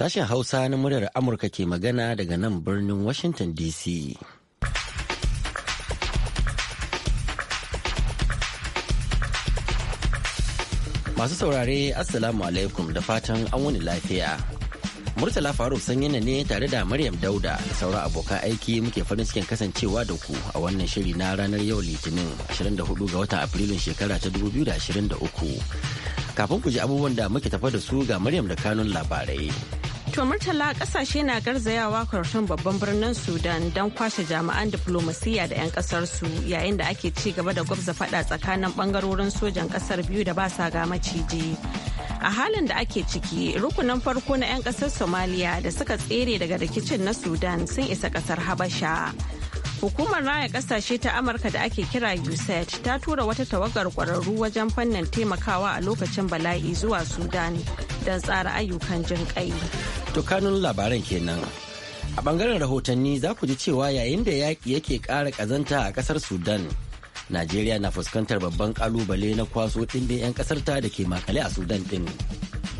Sashen Hausa na muryar Amurka ke magana daga nan birnin Washington DC. Masu saurare Assalamu alaikum da fatan an wani lafiya. Murtala Faruk yana ne tare da Maryam Dauda da sauran abokan aiki muke farin cikin kasancewa da ku a wannan shiri na ranar yau Litinin 24 ga watan Afrilun shekara ta 2023. Kafin ku ji abubuwan da muke tafa da su ga Maryam da kanun labarai. To Murtala kasashe na garzayawa karshen babban birnin Sudan don kwashe jami'an diplomasiya da 'yan kasar su yayin da ake ci gaba da gwabza fada tsakanin bangarorin sojan kasar biyu da ba sa ga maciji. A halin da ake ciki, rukunin farko na 'yan kasar Somalia da suka tsere daga rikicin na Sudan sun isa kasar Habasha. Hukumar raya kasashe ta Amurka da ake kira USAID ta tura wata tawagar kwararru wajen fannin taimakawa a lokacin bala'i zuwa Sudan don tsara ayyukan jin To kanun labaran kenan. A bangaren rahotanni za ku ji cewa yayin da yaƙi yake ƙara ƙazanta a ƙasar Sudan. Najeriya na fuskantar babban ƙalubale na kwaso da 'yan ƙasarta da ke makale a Sudan ɗin.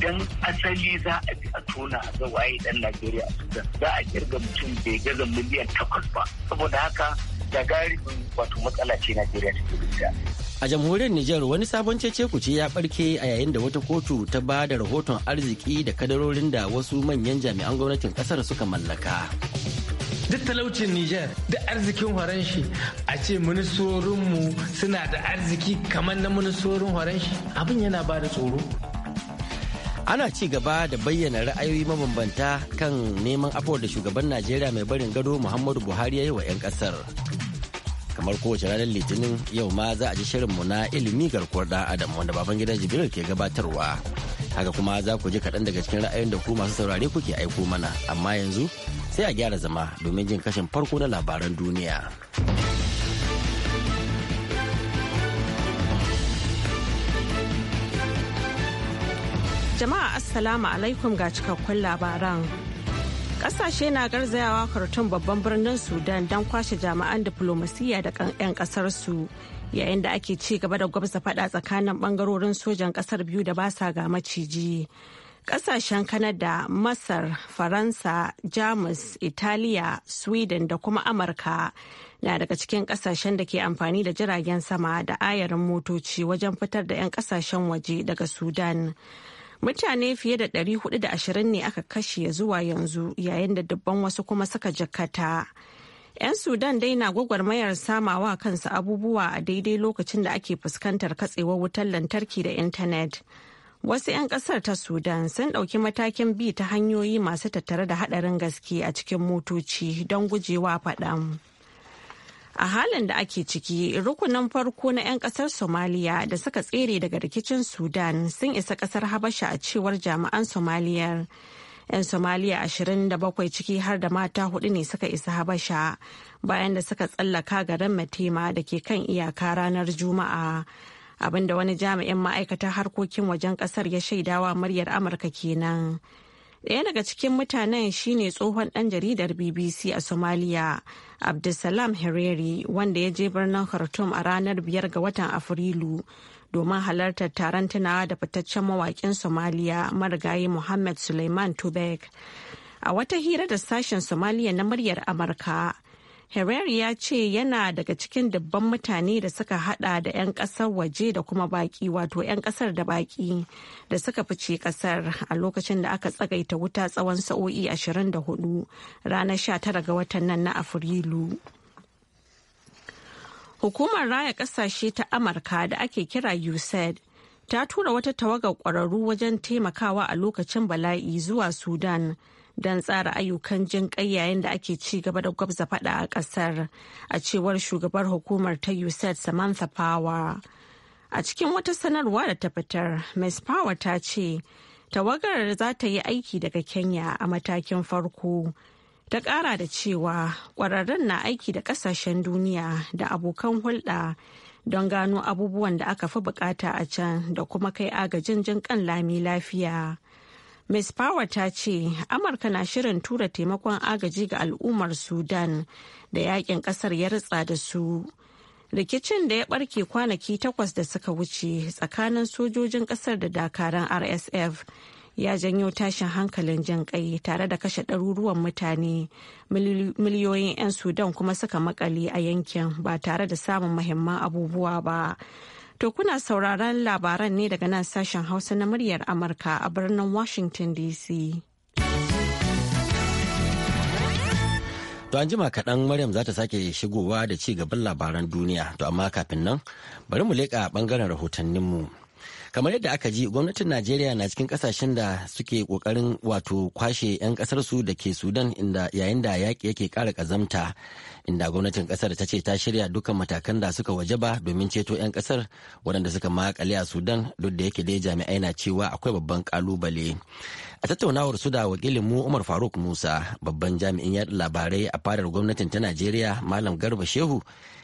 idan asali za a bi a tona a ga dan Najeriya a Sudan za a kirga mutum bai gaza miliyan takwas ba saboda haka gagarumin wato matsala ce Najeriya take da A jamhuriyar Nijar wani sabon cece kuce ya barke a yayin da wata kotu ta ba da rahoton arziki da kadarorin da wasu manyan jami'an gwamnatin kasar suka mallaka. duk talaucin Nijar da arzikin horon a ce ministorinmu suna da arziki kamar na ministorin horon abin yana ba da tsoro. ana ci gaba da bayyana ra'ayoyi mabambanta kan neman afuwar da shugaban najeriya mai barin gado muhammadu buhari ya yi wa 'yan kasar kamar kowace ranar litinin yau ma za a ji mu na ilimi garkuwar dan adam wanda baban gidan jibril ke gabatarwa haka kuma za ku ji kaɗan daga cikin ra'ayoyin da ku masu saurare kuke aiko mana amma yanzu sai a gyara zama domin jin kashin farko na labaran duniya. Jama'a Assalamu alaikum ga cikakkun labaran. Kasashe na garzayawa kartun babban birnin Sudan don kwashe jami'an diflomasiyya da 'yan kasarsu yayin da ake ci gaba da gwamza fada tsakanin bangarorin sojan kasar biyu da basa ga maciji. Kasashen Kanada, Masar, Faransa, Jamus, Italiya, Sweden da kuma Amurka na daga cikin kasashen da ke amfani da jiragen sama da ayarin motoci wajen fitar da 'yan kasashen waje daga Sudan. Mutane fiye da 420 ne aka kashe zuwa yanzu yayin da dubban wasu kuma suka jakata 'Yan Sudan dai na gwagwarmayar samawa kansu abubuwa a daidai lokacin da ake fuskantar katsewar wutar lantarki da intanet. Wasu 'yan kasar ta Sudan sun ɗauki matakin bi ta hanyoyi masu tattare da haɗarin gaske a cikin motoci don gujewa faɗan. a halin da ake ciki rukunin farko na 'yan kasar somaliya da suka tsere daga rikicin sudan sun isa kasar habasha a cewar jami'an somaliya 'yan somaliya 27 ciki har da mata hudu ne suka isa habasha bayan da suka tsallaka garin matema da ke kan iyaka ranar juma'a abinda wani jami'in ma'aikatar harkokin wajen kasar ya shaidawa muryar amurka kenan. Ɗaya daga cikin mutanen shine tsohon ɗan jaridar BBC a Somalia, Abdulsalam Hereri, wanda ya je birnin Khartoum a ranar biyar ga watan Afrilu domin halartar taron tunawa da fitaccen mawaƙin Somalia marigayi Muhammad Suleiman Tubek. A wata hira da sashen Somalia na muryar Amurka, Herrera ya ce yana daga cikin dubban mutane da suka hada da 'yan kasar waje da kuma baki wato 'yan kasar da baki da suka fice kasar a lokacin da aka tsagaita wuta tsawon sa'o'i 24 ranar 19 ga watan nan na Afrilu. Hukumar raya kasashe ta Amurka da ake kira USAID ta tura wata tawagar kwararru wajen taimakawa a lokacin bala'i zuwa Sudan. don tsara ayyukan jin yayin da ake ci gaba da gwabza fada a kasar a cewar shugabar hukumar ta usaid samantha power a cikin wata sanarwa da ta fitar ms power ta ce tawagar za ta yi aiki daga kenya a matakin farko ta kara da cewa kwararren na aiki da kasashen duniya da abokan hulɗa don gano abubuwan da aka fi bukata a can da kuma kai agajin jin kan lami lafiya Ms. Power ta ce Amurka na shirin tura taimakon agaji ga al'ummar Sudan da yakin kasar ya ritsa da su. Rikicin da ya barke kwanaki takwas da suka wuce tsakanin sojojin kasar da dakaran RSF ya janyo tashin hankalin jin kai tare da kashe ɗaruruwan mutane miliyoyin 'yan Sudan kuma suka makale a yankin ba tare da samun mahimman abubuwa ba. To kuna sauraron labaran ne daga nan sashen Hausa na muryar Amurka a birnin Washington DC. To an jima kaɗan Maryam za ta sake shigowa da ci gaban labaran duniya, to amma kafin nan bari mu leƙa ɓangaren rahotanninmu. mu. kamar yadda aka ji gwamnatin najeriya na cikin kasashen da suke kokarin wato kwashe 'yan kasar su da ke sudan inda yayin da yaƙi yake ƙara ƙazamta inda gwamnatin kasar ta ce ta shirya dukkan matakan da suka wajaba domin ceto 'yan kasar waɗanda suka makale a sudan duk da yake dai jami'ai na cewa akwai babban kalubale a tattaunawar su da wakilin mu umar faruk musa babban jami'in yaɗa labarai a fadar gwamnatin ta najeriya malam garba shehu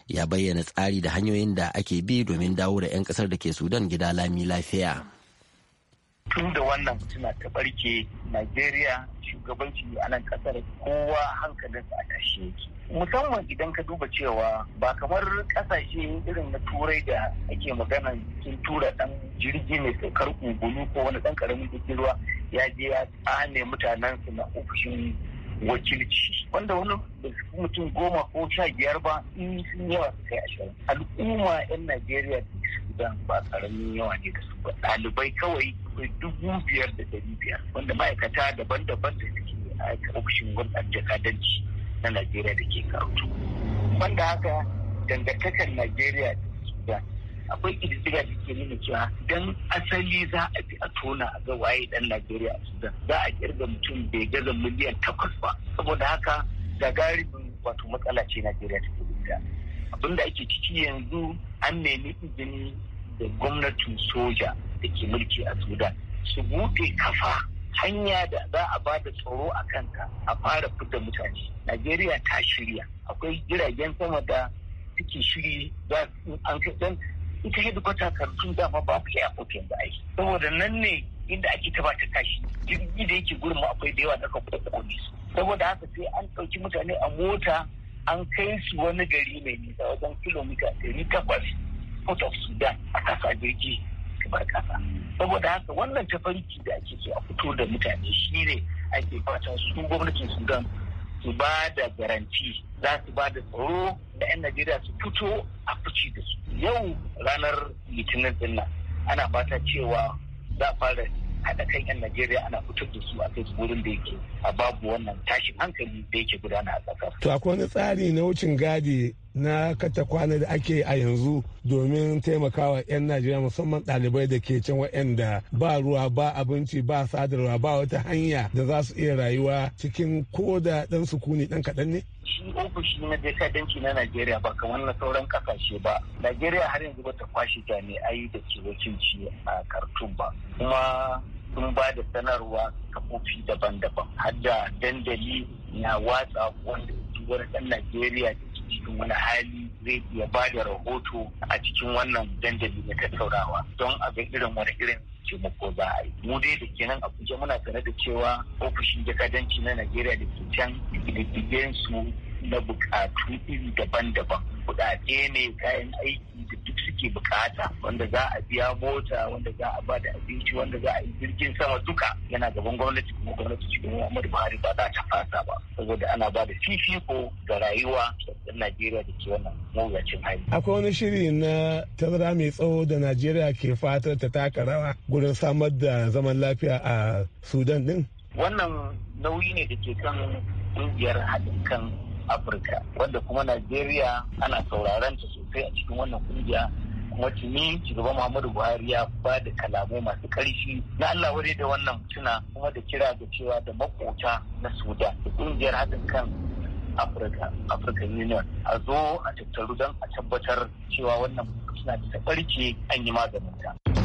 ya bayyana tsari da hanyoyin da ake bi domin dawo da 'yan kasar da ke sudan gida lami lafiya tun da wannan suna ta barke najeriya shugabanci a nan kasar kowa hankalinsa a tashi yake musamman idan ka duba cewa ba kamar kasashe irin na turai da ake magana sun tura dan jirgi mai saukar ungulu ko wani dan karamin jirgin ruwa ya je ya tsane mutanen su na ofishin wakilci wanda wani mutum goma ko sha biyar ba in sun yawa su kai ashirin al'umma 'yan najeriya da su dan ba karamin yawa ne da su ba ɗalibai kawai dubu biyar da dari biyar wanda ma'aikata daban-daban da suke a ofishin gwamnatin jakadanci na najeriya da ke karutu Wanda haka dangantakar najeriya da sudan akwai kididdiga da ke nuna cewa dan asali za a fi a tona a ga waye dan Najeriya a Sudan za a kirga mutum bai gaza miliyan takwas ba saboda haka gagarumin wato matsala ce Najeriya ta abin abinda ake ciki yanzu an nemi izini da gwamnatin soja da ke mulki a Sudan su buɗe kafa hanya da za a ba da tsoro a kanta a fara fidda mutane. Najeriya ta shirya akwai jiragen sama da suke shiri za an ita headquarter kantin dama ba ku a kofin da aiki saboda nan ne inda ake taba ta kashi jirgi da yake gurin mu akwai da yawa daga ka saboda haka sai an ɗauki mutane a mota an kai su wani gari mai nisa wajen kilomita ɗari takwas port of sudan a kasa jirgi kamar kasa saboda haka wannan tafarki da ake ke a fito da mutane shi ake fatan su gwamnatin sudan su ba da garanti za su ba da tsaro da 'yan najeriya su fito a fice da su yau ranar litinin dinna ana fata cewa za a fara haɗa kan 'yan Najeriya ana fitar da su a kai wurin da yake a babu wannan tashin hankali da yake gudana a tsakar. To akwai wani tsari na wucin gadi na kata kwana da ake a yanzu domin taimakawa 'yan najeriya musamman ɗalibai da ke can wa'anda ba ruwa ba abinci ba sadarwa ba wata hanya da za su iya rayuwa cikin ko da ɗan sukuni ɗan kaɗan ne shi ofishi na jakadanci na Najeriya ba kamar na sauran kasashe ba. Najeriya har yanzu bata kwashe jami'ai da ke wakilci a Khartoum ba. Kuma sun ba da sanarwa kafofi daban-daban. Har da dandali na watsa wanda wani ɗan Najeriya da cikin wani hali zai iya ba da rahoto a cikin wannan dandali na tattaunawa don a ga irin wani irin taimako za a yi. Mu dai da kenan a kuje muna sanar da cewa ofishin jakadanci na Najeriya da ke can su na bukatu iri daban-daban kuɗaɗe ne kayan aiki da duk suke bukata wanda za a biya mota wanda za a bada abinci wanda za a yi jirgin sama duka yana gaban gwamnati kuma gwamnati cikin Muhammadu Buhari ba za ta fasa ba saboda ana ba bada fifiko ga rayuwa ɗan Najeriya da ke wannan mawuyacin hali. Akwai wani shiri na tazara mai tsawo da Najeriya ke fatar ta taka rawa gurin samar da zaman lafiya a Sudan din. Wannan nauyi ne da ke kan ƙungiyar haɗin kan afirka wanda kuma najeriya ana sauraron ta sosai a cikin wannan kungiya kuma tuni shugaban muhammadu buhari ya ba da kalamu masu ƙarfi na allah wuri da wannan mutuna kuma da kira da cewa da makota na sudan da kungiyar haɗin kan afirka african union a zo a tattaru don a tabbatar cewa wannan tuna ta barke an yi maganin ta.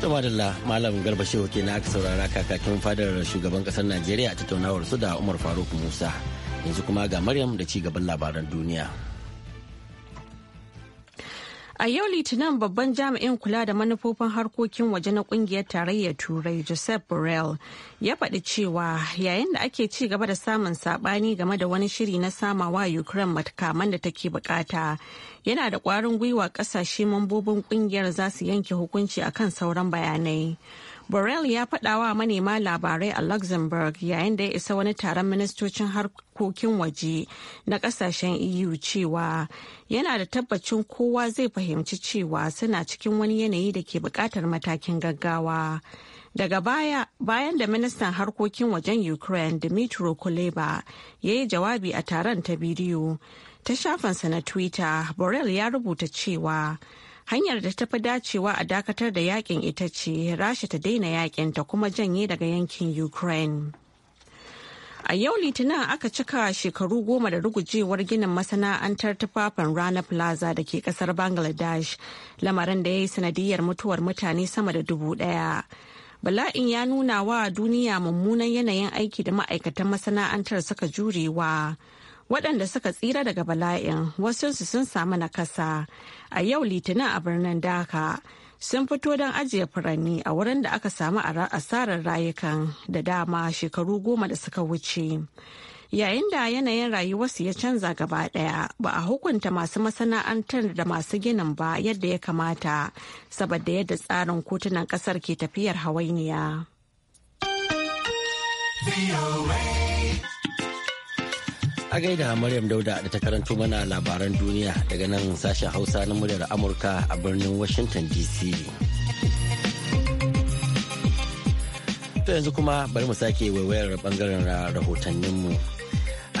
Tuma da Malam Garba Shehu ke na aka saurara kakakin fadar shugaban kasar Najeriya a tattaunawar su da Umar Faruk Musa. Yanzu kuma ga Maryam da ci gaban labaran duniya. A yau Litinin babban jami'in kula da manufofin harkokin waje na kungiyar tarayyar Turai Joseph Borrell ya faɗi cewa yayin da ake ci gaba da samun saɓani game da wani shiri na samawa Ukraine matakaman da take bukata. yana da kwarin gwiwa kasashe mambobin kungiyar za su yanke hukunci a kan sauran bayanai borrell ya faɗawa manema labarai a luxembourg yayin da ya isa wani taron ministocin harkokin waje na kasashen eu cewa yana da tabbacin kowa zai fahimci cewa suna cikin wani yanayi da ke buƙatar matakin gaggawa daga baya bayan da ministan harkokin wajen ukraine dmitry kuleba ya yi jawabi a taron ta bidiyo ta shafansa na twitter Borel ya rubuta cewa hanyar da ta fi dacewa a dakatar da yakin ita ce rasha ta daina yakin ta kuma janye daga yankin ukraine a yau litinin aka cika shekaru goma da rugujewar ginin masana'antar tufafin rana plaza da ke kasar bangladesh lamarin da ya yi sanadiyar mutuwar mutane sama da dubu daya bala'in ya nuna wa duniya mummunan yanayin aiki da ma'aikatan masana'antar suka jurewa. waɗanda suka tsira daga bala'in wasunsu sun samu nakasa a yau litinin a birnin daka sun fito don ajiye furanni a wurin da aka samu asarar rayukan da dama shekaru goma da suka wuce yayin da yanayin rayuwarsu ya canza gaba ɗaya ba a hukunta masu masana'antar da masu ginin ba yadda ya kamata saboda yadda tsarin kotunan kasar ke tafiyar hawainiya. A da Maryam Dauda da ta karanto mana labaran duniya daga nan sashen Hausa na muryar Amurka a birnin Washington DC. To yanzu kuma bari mu sake waiwayar bangaren rahotanninmu.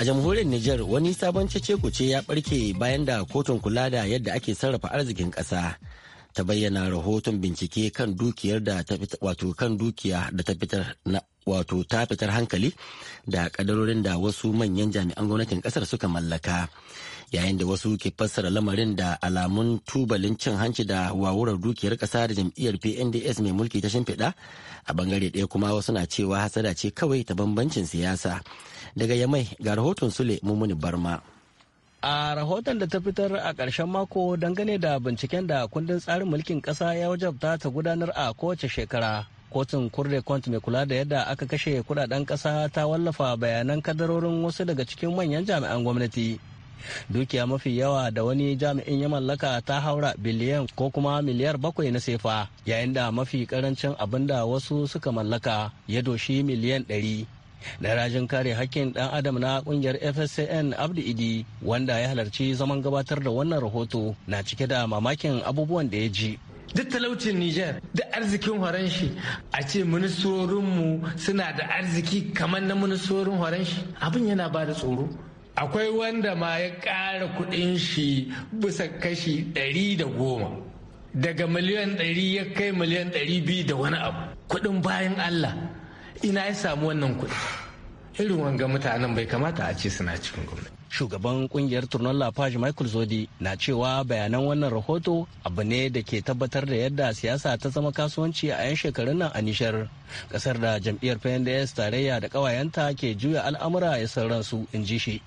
A jamhuriyar Nijar wani sabon cece ce ya barke bayan da kotun kula da yadda ake sarrafa arzikin ƙasa. ta bayyana rahoton bincike kan dukiyar da wato kan dukiya da ta fitar na wato ta fitar hankali da kadarorin da wasu manyan jami'an gwamnatin kasar suka mallaka yayin da wasu ke fassara lamarin da alamun tubalin cin hanci da wawurar dukiyar kasa da jam'iyyar pnds mai mulki ta shimfiɗa a bangare ɗaya kuma wasu na cewa hasada ce kawai ta bambancin siyasa daga yamai ga rahoton sule mummuni barma a rahoton da ta fitar a ƙarshen mako dangane da binciken da kundin tsarin mulkin ƙasa ya wajabta ta gudanar a kowace shekara kotun kurde kont mai kula da yadda aka kashe kudaden ƙasa ta wallafa bayanan kadarorin wasu daga cikin manyan jami'an gwamnati dukiya mafi yawa da wani jami'in ya mallaka ta haura biliyan ko kuma miliyar bakwai na sefa yayin da mafi karancin abin da wasu suka mallaka ya doshi miliyan ɗari Darajin kare hakkin ɗan adam na ƙungiyar fscn abdu idi wanda ya halarci zaman gabatar da wannan rahoto na cike da mamakin abubuwan da ya ji duk talaucin Nijar da arzikin horon shi a ce ministorinmu suna da arziki kamar na ministorin horon shi abin yana ba da tsoro akwai wanda ma ya ƙara kuɗin shi bisa kashi ɗari da goma daga miliyan ɗari ya kai miliyan ɗari biyu da wani abu kuɗin bayan Allah ina ya samu wannan kuɗi irin wanga mutanen bai kamata a ce suna cikin gwamnati shugaban kungiyar turnon lafaji michael zodi na cewa bayanan wannan rahoto abu ne da ke tabbatar da yadda siyasa ta zama kasuwanci a 'yan shekarun nan a nishar kasar da jam'iyyar pnds tarayya da kawayenta ke juya al'amura ya san ransu in ji shi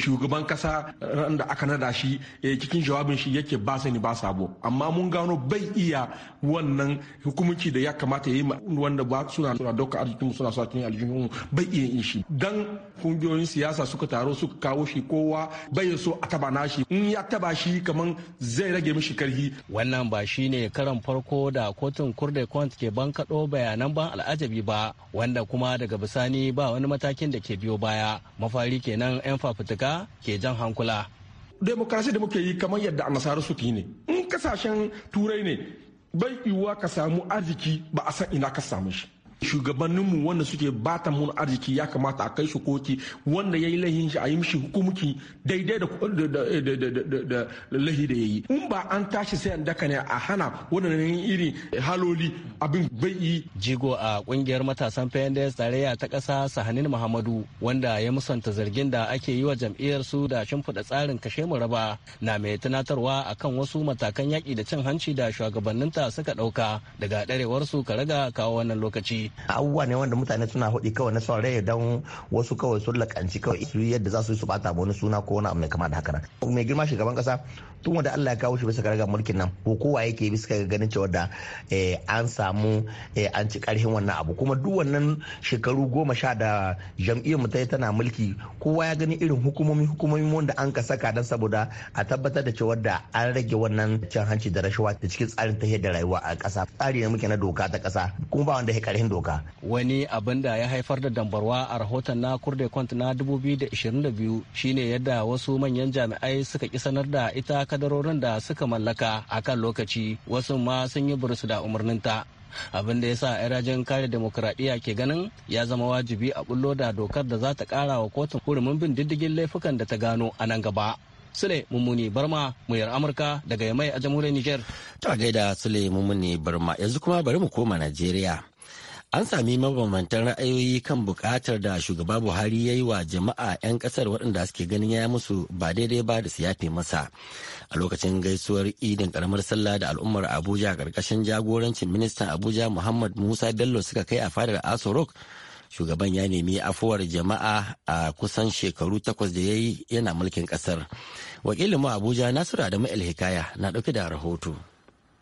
shugaban kasa da aka nada shi eh, cikin jawabin shi yake ba sani ba sabo amma mun gano bai iya wannan hukumunci da ya kamata ya yi wanda ba suna suna dauka arzikin suna sa cikin aljihun bai iya yin shi dan kungiyoyin siyasa suka taro suka kawo shi kowa bai so a taba nashi in ya taba shi kaman zai rage mishi karhi wannan ba shi ne karan farko da kotun kurde kwant ke kaɗo bayanan ban al'ajabi ba wanda kuma daga bisani ba wani matakin da ke biyo baya mafari kenan yan fafutuka amurka ke jan hankula demokrasi da muke yi kamar yadda nasaru suke ne in kasashen turai ne bai yiwuwa ka samu arziki ba a san ina ka samu shi shugabanninmu wanda suke bata mun arziki ya kamata a kai su koti wanda ya yi lahin shi a yi mishi hukumki daidai da lahi da ya yi in ba an tashi sai an daka ne a hana wadannan irin haloli abin bai yi jigo a kungiyar matasan fayyandayas tarayya ta ƙasa sahanin muhammadu wanda ya musanta zargin da ake yi wa jam'iyyar su da shimfiɗa tsarin kashe mu raba na mai tunatarwa kan wasu matakan yaƙi da cin hanci da shugabanninta suka ɗauka daga su ka raga kawo wannan lokaci abubuwa ne wanda mutane suna hudi kawai na son rai don wasu kawai sun lakanci kawai su yadda za su yi su bata wani suna ko wani abu mai kama da haka nan mai girma shugaban kasa tun wanda Allah ya kawo shi bisa karagar mulkin nan Ko kowa yake bisa ga ganin cewa da eh, an samu eh, an ci karhin wannan abu kuma duk wannan shekaru goma sha da jam'iyyar mu ta tana mulki kowa ya gani irin hukumomi hukumomi wanda an ka saka dan saboda a tabbatar da cewa da an rage wannan cin hanci da rashawa da cikin tsarin ta da rayuwa a ƙasa tsari ne muke na doka ta ƙasa kuma ba wanda ya karhin doka doka wani abin da ya haifar da dambarwa a rahoton na kurde kwant na 2022 shine yadda wasu manyan jami'ai suka ki sanar da ita kadarorin da suka mallaka a kan lokaci wasu ma sun yi burus da umarninta abin da ya sa 'yan kare demokuraɗiyya ke ganin ya zama wajibi a bullo da dokar da za ta ƙara wa kotun hurumin bin diddigin laifukan da ta gano a nan gaba. Sule Mummuni Barma muyar Amurka daga Yamai a jamhuriyar Nijar. Ta gaida Sule Mummuni Barma yanzu kuma bari mu koma Najeriya. An sami mabambantan ra'ayoyi kan bukatar da shugaba Buhari ya yi wa jama'a 'yan ƙasar waɗanda suke ganin ya musu ba daidai ba da su yafe masa. A lokacin gaisuwar idin karamar sallah da al'ummar Abuja ƙarƙashin jagorancin ministan Abuja Muhammad Musa Bello suka kai a fadar Aso Rock. Shugaban ya nemi afuwar jama'a a kusan shekaru takwas da ya yi yana mulkin ƙasar. Wakilin mu Abuja Nasiru Adamu El Hikaya na ɗauke da rahoto.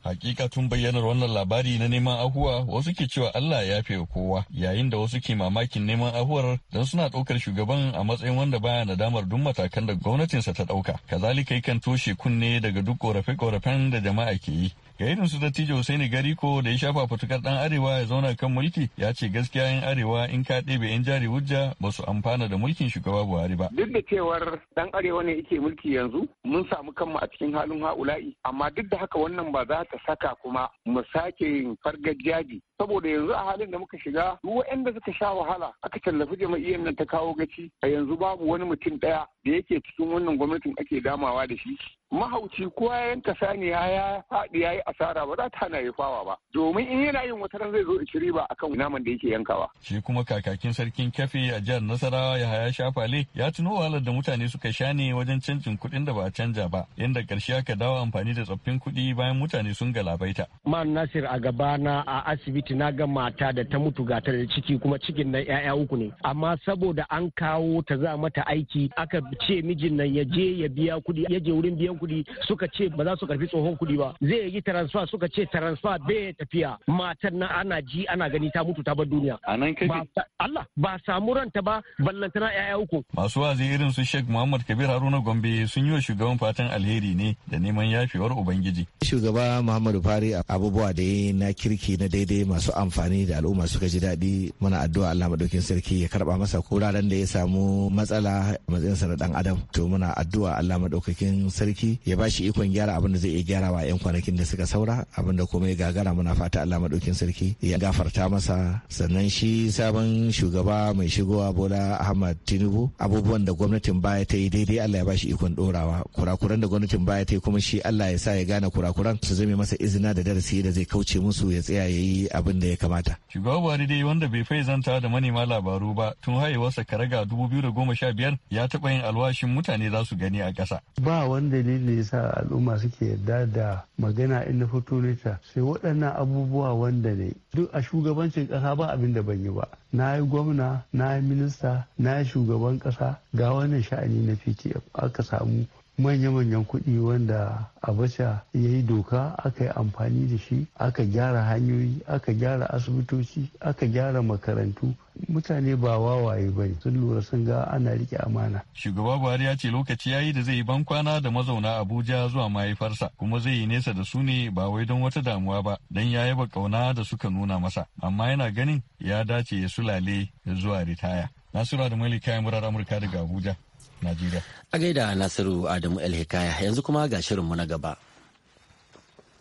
Hakika tun bayyanar wannan labari na neman ahuwa wasu ke cewa Allah ya fiye kowa yayin da wasu ke mamakin neman ahuwar don suna ɗaukar shugaban a matsayin wanda baya nadamar duk matakan da gwamnatinsa ta ɗauka. Kazalika yakan toshe kunne daga duk ƙorafe-ƙorafen da jama'a ke yi. ga irin su dattijo Hussaini Gariko da ya shafa fatukar dan arewa ya zauna kan mulki ya ce gaskiya yan arewa in ka ɗebe yan jari hujja ba su amfana da mulkin shugaba Buhari ba. Duk da cewar dan arewa ne yake mulki yanzu mun samu kanmu a cikin halin ha'ula'i amma duk da haka wannan ba za ta saka kuma mu sake yin fargajiyaji saboda yanzu a halin da muka shiga duk waɗanda suka sha wahala aka tallafi jama'iyyar nan ta kawo gaci a yanzu babu wani mutum ɗaya da yake cikin wannan gwamnatin ake damawa da shi mahauci kowa ya yanka saniya ya faɗi ya yi asara ba za ta hana ya fawa ba domin in yana yin wata zai zo ba a akan naman da yake yankawa. Shi kuma kakakin sarkin kafe a jihar Nasarawa ya haya shafale ya tuno wahalar da mutane suka sha ne wajen canjin kuɗin da ba a canja ba inda ƙarshe aka dawo amfani da tsoffin kuɗi bayan mutane sun galabaita. Man Nasir a gaba na a asibiti na ga mata da ta mutu gatar da ciki kuma cikin na 'ya'ya uku ne amma saboda an kawo ta za mata aiki aka ce mijin nan ya je ya biya kuɗi ya je wurin biyan kuɗi suka ce ba za su karfi tsohon kuɗi ba zai yi transfer suka ce transfer bai tafiya matan na ana ji ana gani ta mutu ta bar duniya nan kaji Allah ba samu ranta ba ballantana yaya uku masu wazi irin su Sheikh Muhammad Kabir Haruna Gombe sun yi wa shugaban fatan alheri ne da neman yafewar ubangiji shugaba Muhammadu Fari abubuwa da yi na kirki na daidai masu amfani da al'umma suka ji daɗi mana addu'a Allah madaukin sarki ya karba masa kuraren da ya samu matsala matsayinsa na dan adam to muna addu'a Allah madaukakin sarki ya ba shi ikon gyara abin da zai iya gyarawa yan kwanakin da suka saura abin da kuma ya gagara muna fata Allah madaukin sarki ya gafarta masa sannan shi sabon shugaba mai shigowa Bola Ahmad Tinubu abubuwan da gwamnatin baya ta yi daidai Allah ya ba shi ikon dorawa kurakuran da gwamnatin baya ta yi kuma shi Allah ya sa ya gane kurakuran su zame masa izina da darasi da zai kauce musu ya tsaya ya yi abin da ya kamata. Shugaba Buhari dai wanda bai fai zanta da manema labaru ba tun haihuwarsa karaga biyar ya taɓa yin alwashin mutane za su gani a ƙasa. Ba wanda ne dalilin da yasa al'umma suke yarda da magana in na fito ta sai waɗannan abubuwa wanda ne duk a shugabancin ƙasa ba abin da ban yi ba na yi gwamna na yi minista na yi shugaban ƙasa ga wannan sha'ani na ptf aka samu manya-manyan kuɗi wanda abacha ya yi doka aka yi amfani da shi aka gyara hanyoyi aka gyara asibitoci aka gyara makarantu mutane ba wawaye ba ne sun lura sun ga ana rike amana. Shugaba Buhari ya ce lokaci ya yi da zai yi bankwana da mazauna Abuja zuwa mahaifarsa kuma zai yi nesa da su ne ba wai don wata damuwa ba don ya yaba kauna da suka nuna masa amma yana ganin ya dace ya sulale zuwa ritaya. Nasura da Malika ya murar Amurka daga Abuja. Najeriya. A gaida Nasiru Adamu El Hikaya yanzu kuma ga shirinmu na gaba.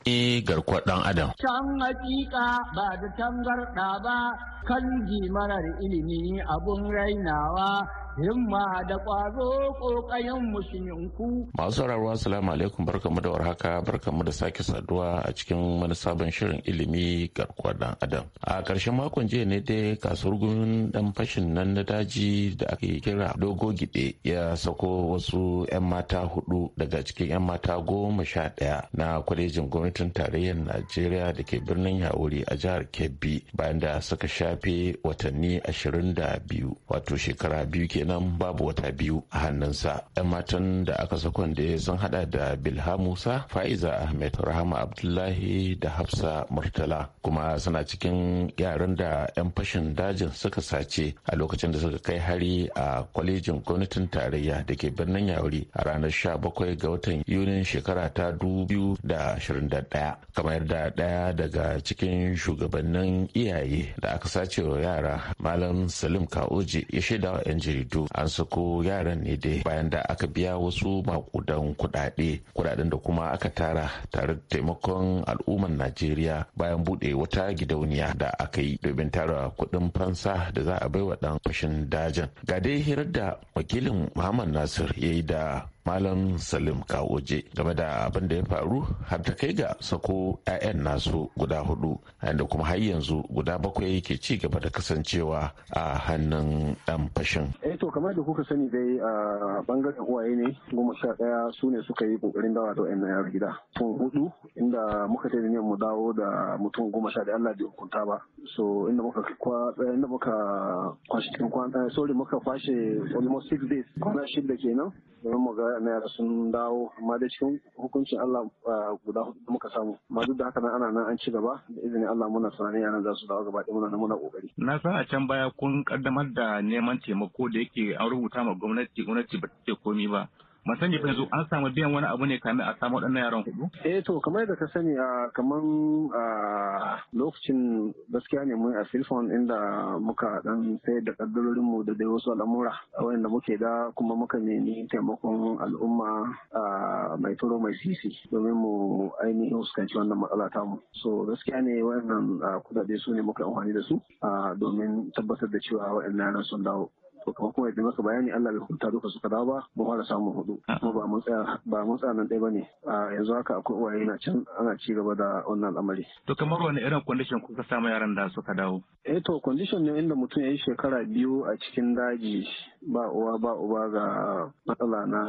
E garkuwar ɗan Adam. Can hakika ba da tangarɗa ba kan marar ilimi abun rainawa himma da ƙwazo ƙayan musulminku. Masu sauraro salamu alaikum barkamu da warhaka barkamu da sake saduwa a cikin wani sabon shirin ilimi ga dan adam. A ƙarshen makon jiya ne dai kasuwar gumin dan fashin nan na daji da ake kira dogo gide ya sako wasu 'yan mata hudu daga cikin 'yan mata goma sha ɗaya na kwalejin gwamnatin tarayyar Najeriya da ke birnin Yauri a jihar Kebbi bayan da suka shafe watanni ashirin da biyu wato shekara biyu kenan kenan babu wata biyu a hannunsa yan matan da aka sakon da sun hada da bilha musa fa'iza ahmed rahama abdullahi da hafsa murtala kuma suna cikin yaran da yan fashin dajin suka sace a lokacin da suka kai hari a kwalejin gwamnatin tarayya da ke birnin yauri a ranar 17 ga watan yunin shekara ta 2021 kamar da ɗaya daga cikin shugabannin iyaye da aka sace wa yara malam salim kaoji ya shaidawa 'yan jaridu an sako yaran ne dai bayan da aka biya wasu makudan kudade. kudaden da kuma aka tara tare da taimakon al'ummar najeriya bayan bude wata gidauniya da aka yi domin tara kuɗin fansa da za a baiwa ɗan fashin dajin ga dai hirar da wakilin muhammad nasir ya yi da malam salim kawoje game da abin da ya faru har ta kai ga sako 'ya'yan nasu guda hudu da kuma har yanzu guda bakwai ke ci gaba da kasancewa a hannun dan fashin eh to kamar da kuka sani dai a bangaren uwaye ne goma sha daya su ne suka yi kokarin dawa da wayannan yaro gida tun hudu inda muka ta ne mu dawo da mutum goma sha daya Allah bai hukunta ba so inda muka kwa eh, inda muka kwashi cikin kwana eh, sorry muka kwashe almost 6 days shi da kenan don mu ga waɗannan yara sun dawo amma dai cikin hukuncin Allah ah, guda hudu da muka samu amma duk da haka nan ana nan an ci gaba da izinin Allah muna tunanin yana za su dawo gaba ɗaya muna muna kokari na san a can baya kun kaddamar da neman taimako da yake an rubuta ma gwamnati gwamnati ba ta ce komai ba ban sani ba yanzu an samu biyan wani abu ne kamin a samu waɗannan yaran hudu? Eh to kamar da ka sani a kamar lokacin gaskiya ne mun a Silfon inda muka dan sayar da kaddarorin mu da dai wasu al'amura wanda muke da kuma muka nemi taimakon al'umma mai turo mai sisi domin mu ainihin fuskanci wannan matsala ta mu. So gaskiya ne nan kudade su ne muka amfani da su domin tabbatar da cewa wayannan yaran sun dawo. to kamar kuma yadda maka bayani Allah bai hukunta duka suka dawo ba mu fara samun hudu ah. kuma ba mun tsaya ba mun tsaya nan ɗaya bane a yanzu haka akwai uwaye na can ana ci gaba da wannan al'amari to kamar wani irin condition kuka samu yaran da suka dawo eh to condition ne inda mutum ya yi shekara biyu a cikin daji ba uwa ba uba ga matsala na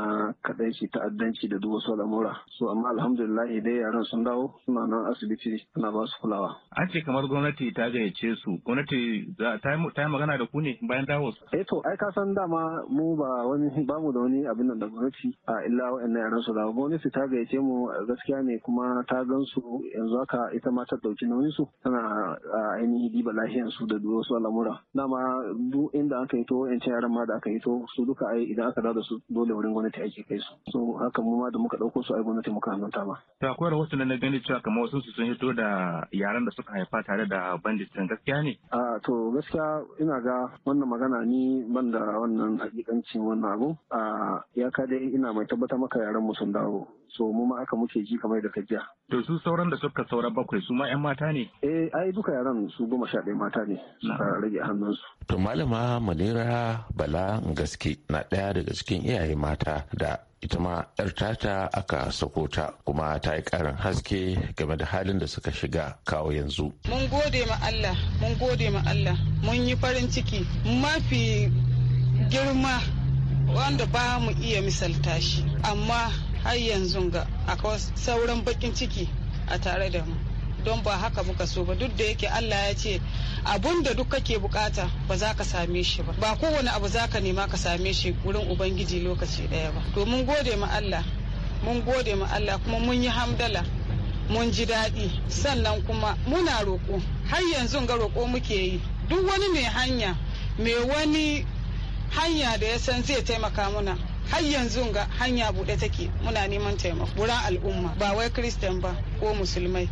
shi ta'addanci da duk wasu al'amura so amma alhamdulillah dai yaran sun dawo suna nan asibiti suna ba su kulawa an ce kamar gwamnati ta gayyace su gwamnati ta yi magana da ku ne bayan dawo su eh to ai ka san dama mu ba wani ba mu da wani abin nan da gwamnati a illa wa'annan yaran su dawo gwamnati ta gayyace mu gaskiya ne kuma ta gan su yanzu haka ita ma ta dauki nauyin su tana ainihin diba lahiyan su da duk wasu al'amura dama duk inda aka yi to wa'ancan yaran ma da aka to su duka ai idan aka dawo da su dole wurin gwamnati ake kai su so haka mu ma da muka dauko su ai gwamnati muka hannunta ma to akwai rahoton na gani cewa kamar wasu su sun hito da yaran da suka haifa tare da bandit din gaskiya ne a to gaskiya ina ga wannan magana ni ban da wannan hakikancin wannan abu a ya kada ina mai tabbatar maka yaran mu sun dawo so mu ma aka muke ji kamar da kajiya To su sauran da suka saura bakwai su ma 'yan mata ne? Eh ai duka yaran su goma sha ɗaya mata ne suka rage hannunsu. To malama Manira Bala gaske na ɗaya daga cikin iyaye mata da ita ma 'yar tata aka sako ta kuma ta yi karin haske game da halin da suka shiga kawo yanzu. Mun gode ma Allah, mun gode ma Allah, mun yi farin ciki mafi girma wanda ba mu iya misalta shi, amma har yanzu ga akwai sauran bakin ciki a tare da mu don ba haka muka so ba duk da yake Allah ya ce abun da duk kake bukata ba za ka same shi ba ba kowane abu za ka nema ka same shi wurin ubangiji lokaci daya ba to mun gode ma Allah mun gode ma Allah kuma mun yi hamdala mun ji daɗi sannan kuma muna roƙo har yanzu ga roƙo muke yi duk wani mai hanya mai wani hanya da ya san zai taimaka muna har yanzu ga hanya buɗe take muna neman taimako wurin al'umma ba wai kristan ba ko musulmai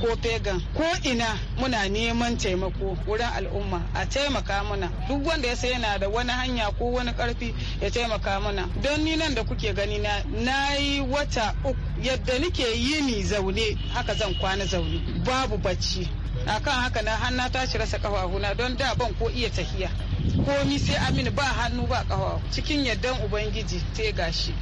ko pagan ko ina muna neman taimako wurin al'umma a taimaka mana duk wanda ya sai yana da wani hanya ko wani karfi ya taimaka mana don ni nan da kuke gani na na yi wata uku yadda nike yini zaune haka zan kwana zaune babu bacci kan haka na hannu tashi rasa na don da ban ko iya tahiya komi sai amini ba hannu ba kafafu cikin yardan ubangiji sai gashi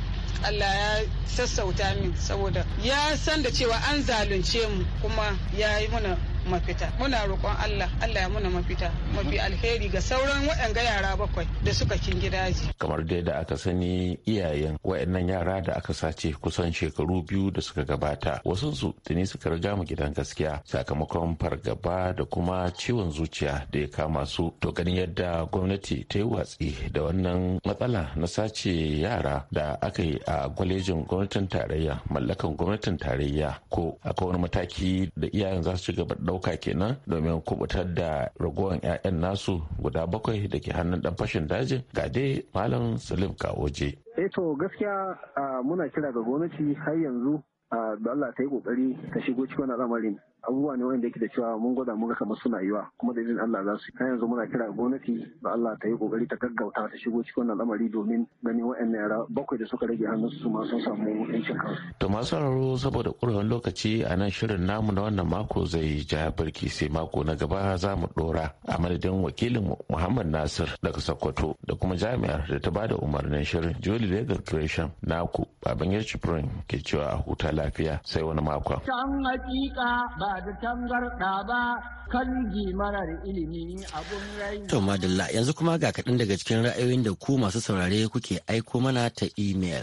Allah ya sassauta min saboda ya san da cewa an zalunce mu kuma ya yi mana mafita muna roƙon Allah Allah ya muna mafita mafi alheri ga sauran waɗanga yara bakwai da suka cin gidaji kamar dai da aka sani iyayen waɗannan yara da aka sace kusan shekaru biyu da suka gabata wasu su tuni suka riga mu gidan gaskiya sakamakon fargaba da kuma ciwon zuciya da ya kama su to ganin yadda gwamnati ta yi watsi da wannan matsala na sace yara da aka yi a kwalejin gwamnatin tarayya mallakan gwamnatin tarayya ko akwai wani mataki da iyayen za su ci gaba ɗauka kenan domin kubutar da ragowar 'ya'yan nasu guda bakwai da ke hannun ɗan fashin dajin ga dai malam salim kawoje. eto eh gaskiya muna kira ga gwamnati har yanzu da Allah ta yi kokari ta shigo cikin al'amarin abubuwa ne wanda yake da cewa mun gwada mun ga kamar suna yiwa kuma da izinin Allah za su yi yanzu muna kira gwamnati da Allah ta yi kokari ta gaggauta ta shigo cikin wannan lamari domin ganin waɗannan yara bakwai da suka rage hannun su ma sun samu yancin kansu. To masu sauraro saboda ƙurewar lokaci a nan shirin namu na wannan mako zai ja birki sai mako na gaba za mu ɗora a madadin wakilin Muhammad Nasir daga Sokoto da kuma jami'ar da ta bada umarnin shirin Jolly Legal Creation naku Babangir Chiprin ke cewa a huta lafiya sai wani mako. ba da tangarɗa ba kan marar ilimi abun rai. To Madalla yanzu kuma ga kaɗan daga cikin ra'ayoyin da ku masu saurare kuke aiko mana ta imel.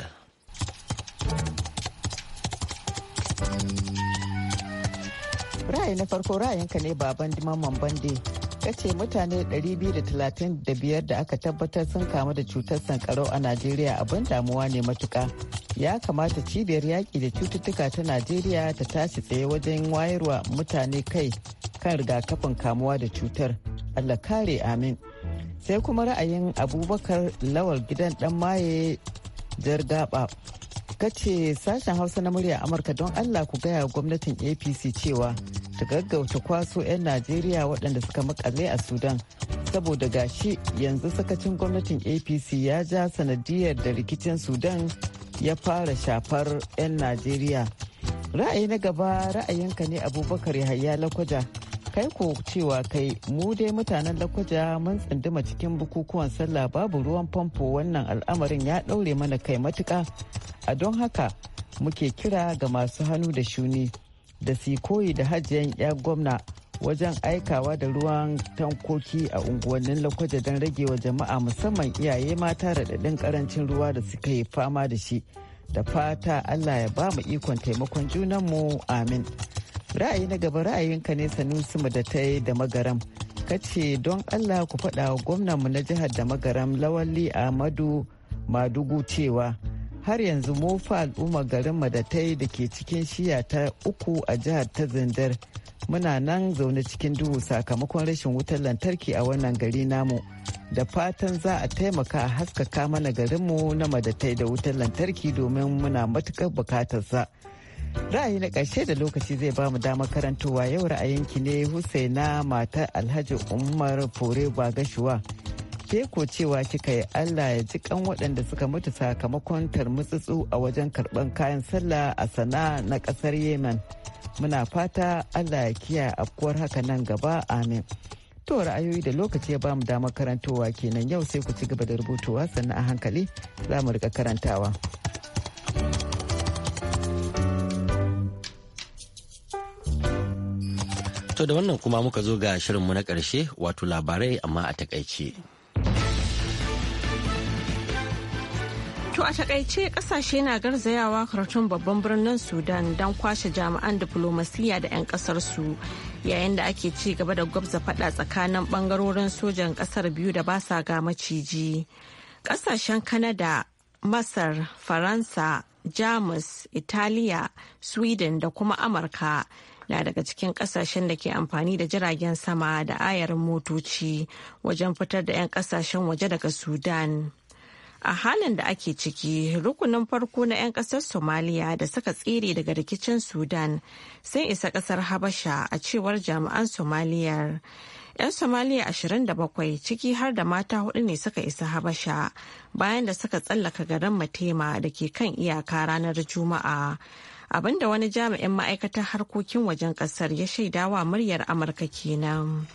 Ra'ayi na farko ra'ayinka ne baban Dimaman Bande. kace mutane 235 da aka tabbatar sun kamu da cutar sankarau a najeriya abin damuwa ne matuka ya kamata cibiyar yaƙi da cututtuka ta najeriya ta tashi tsaye wajen wayarwa mutane kai kan rigakafin kamuwa da cutar allah kare amin sai kuma ra'ayin abubakar lawal gidan dan maye jargaba kace sashen hausa na murya amurka don allah ku gaya gwamnatin apc cewa ta gaggauta kwaso 'yan najeriya waɗanda suka makale a sudan saboda gashi yanzu sakacin gwamnatin apc ya ja sanadiyar da rikicin sudan ya fara shafar 'yan najeriya ra'ayi na gaba ra'ayinka ne abubakar yahaya lakwaja kai ko cewa kai mu dai mutanen lakwaja mun tsinduma cikin bukukuwan sallah babu ruwan famfo wannan al'amarin ya ɗaure mana kai matuka a don haka muke kira ga masu hannu da shuni da su koyi da hajiyan 'yan gwamna wajen aikawa da ruwan tankoki a unguwannin lakwaje don rage wa jama'a musamman iyaye mata raɗaɗin ƙarancin ruwa da suka yi fama da shi da fata allah ya ba mu ikon taimakon junanmu amin ra'ayi na gaba ra'ayinka ne sanusi mu da ta da magaram kace don allah ku faɗa wa gwamnanmu na jihar da magaram lawalli ahmadu madugu cewa har yanzu mofa al'ummar garin madatai da ke cikin shiya ta uku a jihar ta zindar muna nan zaune cikin duhu sakamakon rashin wutar lantarki a wannan gari namu da fatan za a taimaka a haskaka mana garinmu na madatai da wutar lantarki domin muna matukar bukatarsa ra'ayi na karshe da lokaci zai ba mu damar karantowa yau ra'ayinki ne husaina matar alhaji umar fore gashuwa ke ko cewa kika yi Allah ya ji kan waɗanda suka mutu sakamakon tarmutsutsu a wajen karɓan kayan sallah a sana'a na ƙasar Yemen. Muna fata Allah ya kiyaye afkuwar haka nan gaba amin. To ra'ayoyi da lokaci ya bamu damar karantowa kenan yau sai ku ci gaba da rubutuwa sannan a hankali za mu rika karantawa. To da wannan kuma muka zo ga shirinmu na ƙarshe wato labarai amma a takaice. a takaice kasashe na garzayawa karatun babban birnin Sudan don kwashe jami'an diflomasiyya da 'yan kasar yayin da ake ci gaba da gwabza fada tsakanin bangarorin sojan kasar biyu da ba sa ga maciji. Kasashen Kanada, Masar, Faransa, Jamus, Italiya, Sweden da kuma Amurka. na daga cikin kasashen da ke amfani da jiragen sama da ayarin motoci wajen fitar da 'yan kasashen waje daga sudan a halin da ake ciki rukunin farko na 'yan kasar somaliya da suka tsere daga rikicin sudan sun isa kasar habasha a cewar jami'an somaliyar 'yan somaliya 27 ciki har da mata hudu ne suka isa habasha bayan da suka tsallaka garin matema da ke kan iyaka ranar juma'a abinda wani jami'in ma'aikatar harkokin wajen kasar ya shaidawa muryar amurka kenan.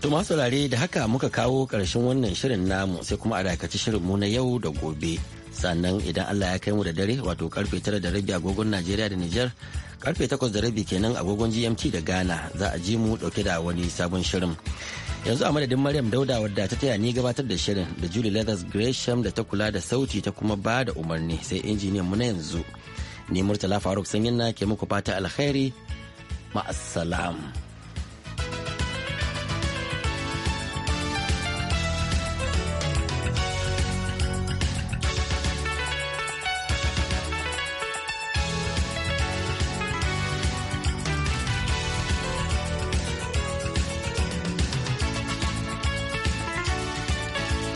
To masu da haka muka kawo karshen wannan shirin namu sai kuma a dakaci shirin mu na yau da gobe. Sannan idan Allah ya kai mu da dare wato karfe tara da rabi agogon Najeriya da Nijar karfe takwas da rabi kenan agogon GMT da Ghana za a ji mu dauke da wani sabon shirin. Yanzu a madadin Maryam Dauda wadda ta taya ni gabatar da shirin da Julie Leathers Gresham da ta kula da sauti ta kuma ba da umarni sai injiniyan mu na yanzu. Ni Murtala Faruk Sanyin na ke muku fata alkhairi ma'assalam.